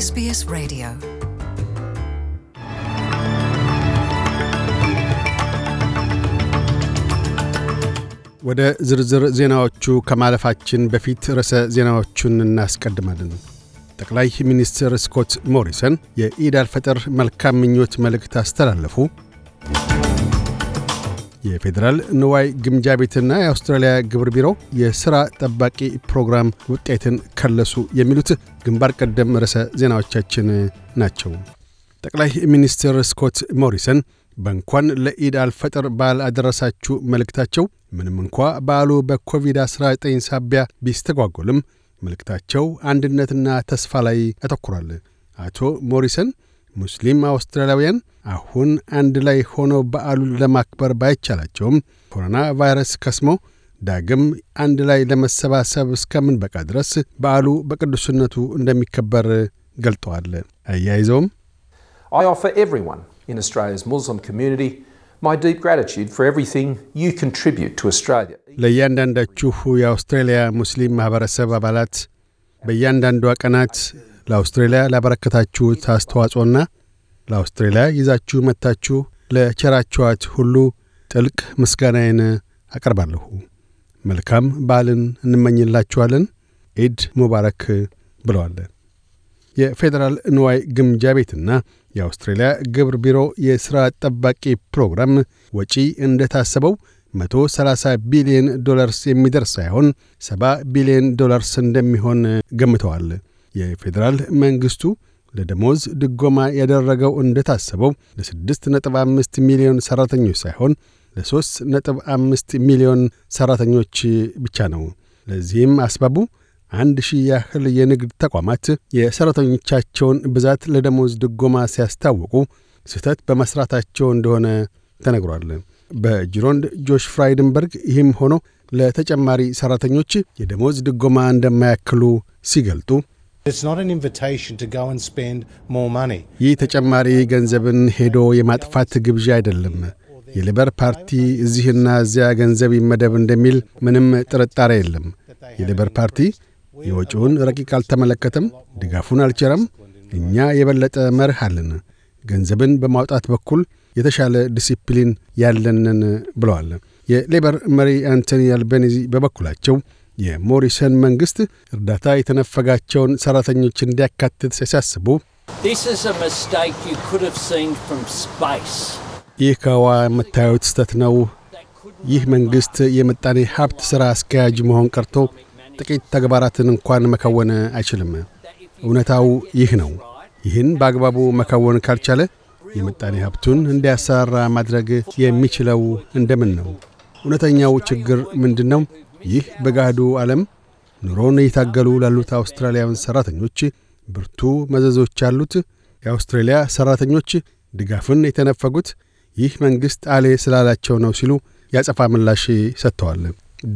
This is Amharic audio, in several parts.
SBS Radio ወደ ዝርዝር ዜናዎቹ ከማለፋችን በፊት ርዕሰ ዜናዎቹን እናስቀድማለን። ጠቅላይ ሚኒስትር ስኮት ሞሪሰን የኢድ አልፈጠር መልካም ምኞት መልእክት አስተላለፉ። የፌዴራል ንዋይ ግምጃ ቤትና የአውስትራሊያ ግብር ቢሮ የሥራ ጠባቂ ፕሮግራም ውጤትን ከለሱ የሚሉት ግንባር ቀደም ርዕሰ ዜናዎቻችን ናቸው። ጠቅላይ ሚኒስትር ስኮት ሞሪሰን በእንኳን ለኢድ አልፈጥር በዓል አደረሳችሁ መልእክታቸው ምንም እንኳ በዓሉ በኮቪድ-19 ሳቢያ ቢስተጓጎልም መልእክታቸው አንድነትና ተስፋ ላይ ያተኩራል። አቶ ሞሪሰን ሙስሊም አውስትራሊያውያን አሁን አንድ ላይ ሆኖ በዓሉን ለማክበር ባይቻላቸውም ኮሮና ቫይረስ ከስሞ ዳግም አንድ ላይ ለመሰባሰብ እስከምንበቃ ድረስ በዓሉ በቅዱስነቱ እንደሚከበር ገልጠዋል። አያይዘውም I offer everyone in Australia's Muslim community my deep gratitude for everything you contribute to Australia. ለእያንዳንዳችሁ የአውስትራሊያ ሙስሊም ማኅበረሰብ አባላት በእያንዳንዷ ቀናት ለአውስትሬልያ ላበረከታችሁት አስተዋጽኦና ለአውስትሬልያ ይዛችሁ መጥታችሁ ለቸራችኋት ሁሉ ጥልቅ ምስጋናዬን አቀርባለሁ። መልካም በዓልን እንመኝላችኋለን። ኢድ ሙባረክ ብለዋል። የፌዴራል ንዋይ ግምጃ ቤትና የአውስትሬልያ ግብር ቢሮ የሥራ ጠባቂ ፕሮግራም ወጪ እንደታሰበው 130 ቢሊዮን ዶላርስ የሚደርስ ሳይሆን 70 ቢሊዮን ዶላርስ እንደሚሆን ገምተዋል። የፌዴራል መንግሥቱ ለደሞዝ ድጎማ ያደረገው እንደታሰበው ለስድስት ነጥብ አምስት ሚሊዮን ሠራተኞች ሳይሆን ለ ነጥብ ሚሊዮን ሠራተኞች ብቻ ነው። ለዚህም አስባቡ አንድ ሺህ ያህል የንግድ ተቋማት የሠራተኞቻቸውን ብዛት ለደሞዝ ድጎማ ሲያስታውቁ ስህተት በመሥራታቸው እንደሆነ ተነግሯል። በጅሮንድ ጆሽ ፍራይድንበርግ ይህም ሆኖ ለተጨማሪ ሠራተኞች የደሞዝ ድጎማ እንደማያክሉ ሲገልጡ ይህ ተጨማሪ ገንዘብን ሄዶ የማጥፋት ግብዣ አይደለም። የሊበር ፓርቲ እዚህና እዚያ ገንዘብ ይመደብ እንደሚል ምንም ጥርጣሬ የለም። የሊበር ፓርቲ የወጪውን ረቂቅ አልተመለከተም፣ ድጋፉን አልቸረም። እኛ የበለጠ መርህ አለን፣ ገንዘብን በማውጣት በኩል የተሻለ ዲሲፕሊን ያለንን ብለዋል። የሌበር መሪ አንቶኒ አልቤኒዚ በበኩላቸው የሞሪሰን መንግሥት እርዳታ የተነፈጋቸውን ሠራተኞች እንዲያካትት ሲያሳስቡ ይህ ከዋ የምታዩት ስተት ነው። ይህ መንግሥት የምጣኔ ሀብት ሥራ አስኪያጅ መሆን ቀርቶ ጥቂት ተግባራትን እንኳን መከወን አይችልም። እውነታው ይህ ነው። ይህን በአግባቡ መከወን ካልቻለ የምጣኔ ሀብቱን እንዲያሰራራ ማድረግ የሚችለው እንደምን ነው? እውነተኛው ችግር ምንድን ነው? ይህ በጋዱ ዓለም ኑሮን እየታገሉ ላሉት አውስትራሊያውን ሠራተኞች ብርቱ መዘዞች ያሉት የአውስትሬልያ ሠራተኞች ድጋፍን የተነፈጉት ይህ መንግሥት አሌ ስላላቸው ነው ሲሉ ያጸፋ ምላሽ ሰጥተዋል።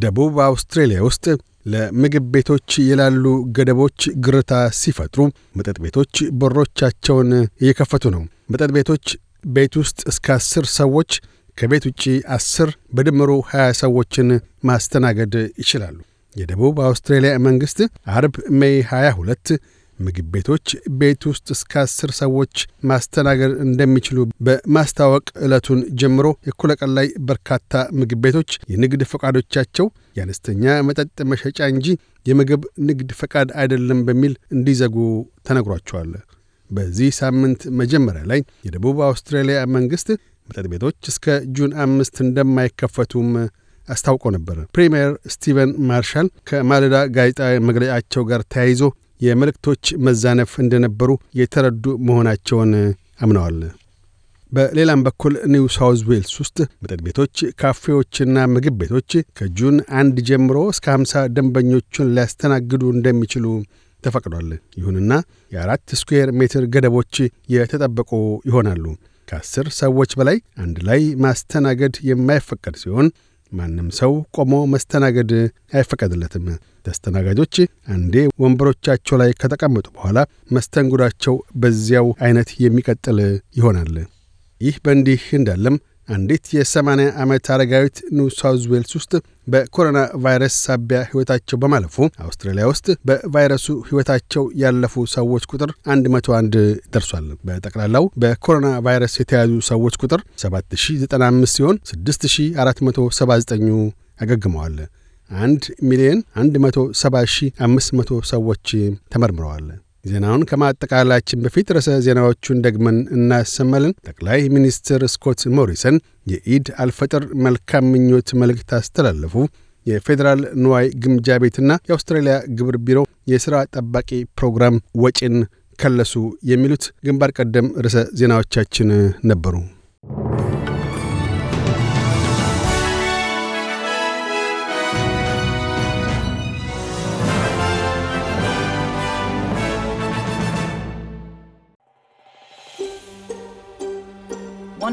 ደቡብ አውስትሬልያ ውስጥ ለምግብ ቤቶች የላሉ ገደቦች ግርታ ሲፈጥሩ መጠጥ ቤቶች በሮቻቸውን እየከፈቱ ነው። መጠጥ ቤቶች ቤት ውስጥ እስከ አስር ሰዎች ከቤት ውጪ አስር በድምሩ 20 ሰዎችን ማስተናገድ ይችላሉ። የደቡብ አውስትሬልያ መንግሥት አርብ ሜይ 22 ምግብ ቤቶች ቤት ውስጥ እስከ አስር ሰዎች ማስተናገድ እንደሚችሉ በማስታወቅ ዕለቱን ጀምሮ የእኩለ ቀን ላይ በርካታ ምግብ ቤቶች የንግድ ፈቃዶቻቸው የአነስተኛ መጠጥ መሸጫ እንጂ የምግብ ንግድ ፈቃድ አይደለም በሚል እንዲዘጉ ተነግሯቸዋል። በዚህ ሳምንት መጀመሪያ ላይ የደቡብ አውስትራሊያ መንግሥት መጠጥ ቤቶች እስከ ጁን አምስት እንደማይከፈቱም አስታውቆ ነበር። ፕሪምየር ስቲቨን ማርሻል ከማለዳ ጋዜጣዊ መግለጫቸው ጋር ተያይዞ የመልእክቶች መዛነፍ እንደነበሩ የተረዱ መሆናቸውን አምነዋል። በሌላም በኩል ኒው ሳውዝ ዌልስ ውስጥ መጠጥ ቤቶች፣ ካፌዎችና ምግብ ቤቶች ከጁን አንድ ጀምሮ እስከ 50 ደንበኞቹን ሊያስተናግዱ እንደሚችሉ ተፈቅዷል። ይሁንና የአራት ስኩዌር ሜትር ገደቦች የተጠበቁ ይሆናሉ። ከአስር ሰዎች በላይ አንድ ላይ ማስተናገድ የማይፈቀድ ሲሆን ማንም ሰው ቆሞ መስተናገድ አይፈቀድለትም። ተስተናጋጆች አንዴ ወንበሮቻቸው ላይ ከተቀመጡ በኋላ መስተንግዳቸው በዚያው አይነት የሚቀጥል ይሆናል። ይህ በእንዲህ እንዳለም አንዲት የ80 ዓመት አረጋዊት ኒው ሳውዝ ዌልስ ውስጥ በኮሮና ቫይረስ ሳቢያ ሕይወታቸው በማለፉ አውስትራሊያ ውስጥ በቫይረሱ ሕይወታቸው ያለፉ ሰዎች ቁጥር 101 ደርሷል። በጠቅላላው በኮሮና ቫይረስ የተያዙ ሰዎች ቁጥር 7095 ሲሆን 6479ኙ አገግመዋል። 1 ሚሊዮን 170,500 ሰዎች ተመርምረዋል። ዜናውን ከማጠቃላችን በፊት ርዕሰ ዜናዎቹን ደግመን እናሰማለን። ጠቅላይ ሚኒስትር ስኮት ሞሪሰን የኢድ አልፈጥር መልካም ምኞት መልእክት አስተላለፉ። የፌዴራል ንዋይ ግምጃ ቤትና የአውስትራሊያ ግብር ቢሮ የሥራ ጠባቂ ፕሮግራም ወጪን ከለሱ። የሚሉት ግንባር ቀደም ርዕሰ ዜናዎቻችን ነበሩ።